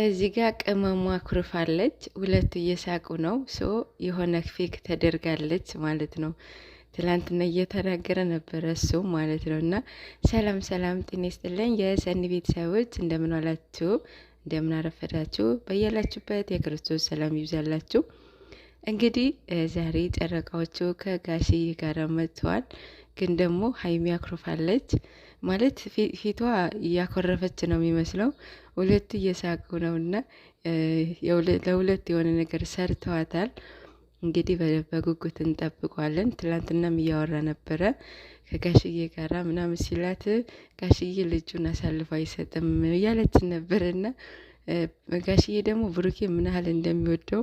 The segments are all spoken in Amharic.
እዚህ ጋር ቅመሟ አኩርፋለች ሁለቱ እየሳቁ ነው። ሶ የሆነ ፌክ ተደርጋለች ማለት ነው። ትላንትና እየተናገረ ነበረ እሱ ማለት ነው። እና ሰላም ሰላም፣ ጤና ይስጥልኝ የሰኒ ቤተሰቦች እንደምን ዋላችሁ? እንደምን አረፈዳችሁ? በያላችሁበት የክርስቶስ ሰላም ይብዛላችሁ። እንግዲህ ዛሬ ጨረቃዎቹ ከጋሽዬ ጋር መጥተዋል። ግን ደግሞ ሀይሚ አኩርፋለች። ማለት ፊቷ እያኮረፈች ነው የሚመስለው። ሁለቱ እየሳቁ ነው እና ለሁለት የሆነ ነገር ሰርተዋታል። እንግዲህ በጉጉት እንጠብቋለን። ትላንትናም እያወራ ነበረ ከጋሽዬ ጋራ ምናምን ሲላት ጋሽዬ ልጁን አሳልፎ አይሰጥም እያለችን ነበር እና ጋሽዬ ደግሞ ብሩኬ ምን ያህል እንደሚወደው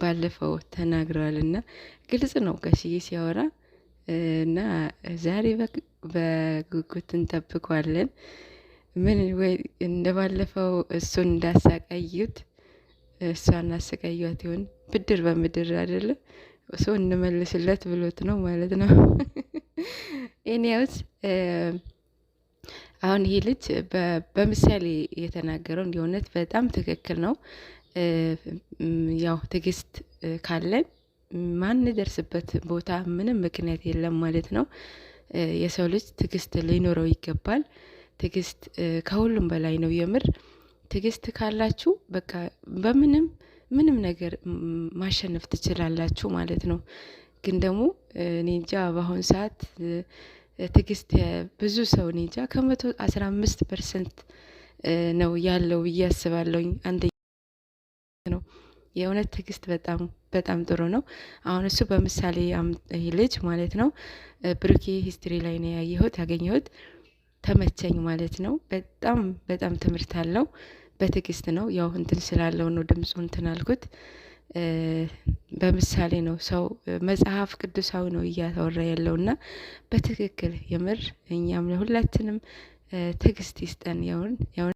ባለፈው ተናግረዋል እና ግልጽ ነው ጋሽዬ ሲያወራ እና ዛሬ በጉጉት እንጠብቋለን። ምን ወይ እንደባለፈው እሱን እንዳሳቀዩት እሷ አሰቃዩት ይሆን? ብድር በምድር አይደለ ሰው እንመልስለት ብሎት ነው ማለት ነው። ኤኒያውስ አሁን ይሄ ልጅ በምሳሌ የተናገረው የእውነት በጣም ትክክል ነው። ያው ትዕግስት ካለን ማንደርስበት ቦታ ምንም ምክንያት የለም ማለት ነው። የሰው ልጅ ትዕግስት ሊኖረው ይገባል። ትዕግስት ከሁሉም በላይ ነው። የምር ትዕግስት ካላችሁ በቃ በምንም ምንም ነገር ማሸነፍ ትችላላችሁ ማለት ነው። ግን ደግሞ ኔጃ በአሁን ሰዓት ትዕግስት ብዙ ሰው እኔ ከመቶ አስራ አምስት ፐርሰንት ነው ያለው ብዬ አስባለሁኝ። አንደኛ ነው የእውነት ትዕግስት በጣም በጣም ጥሩ ነው። አሁን እሱ በምሳሌ ይህ ልጅ ማለት ነው ብሩኬ ሂስትሪ ላይ ነው ያየሁት ያገኘሁት ተመቸኝ ማለት ነው። በጣም በጣም ትምህርት አለው። በትዕግስት ነው ያው እንትን ስላለው ነው ድምፁ እንትን አልኩት። በምሳሌ ነው ሰው መጽሐፍ ቅዱሳዊ ነው እያወራ ያለውና በትክክል የምር እኛም ለሁላችንም ትዕግስት ይስጠን ያውን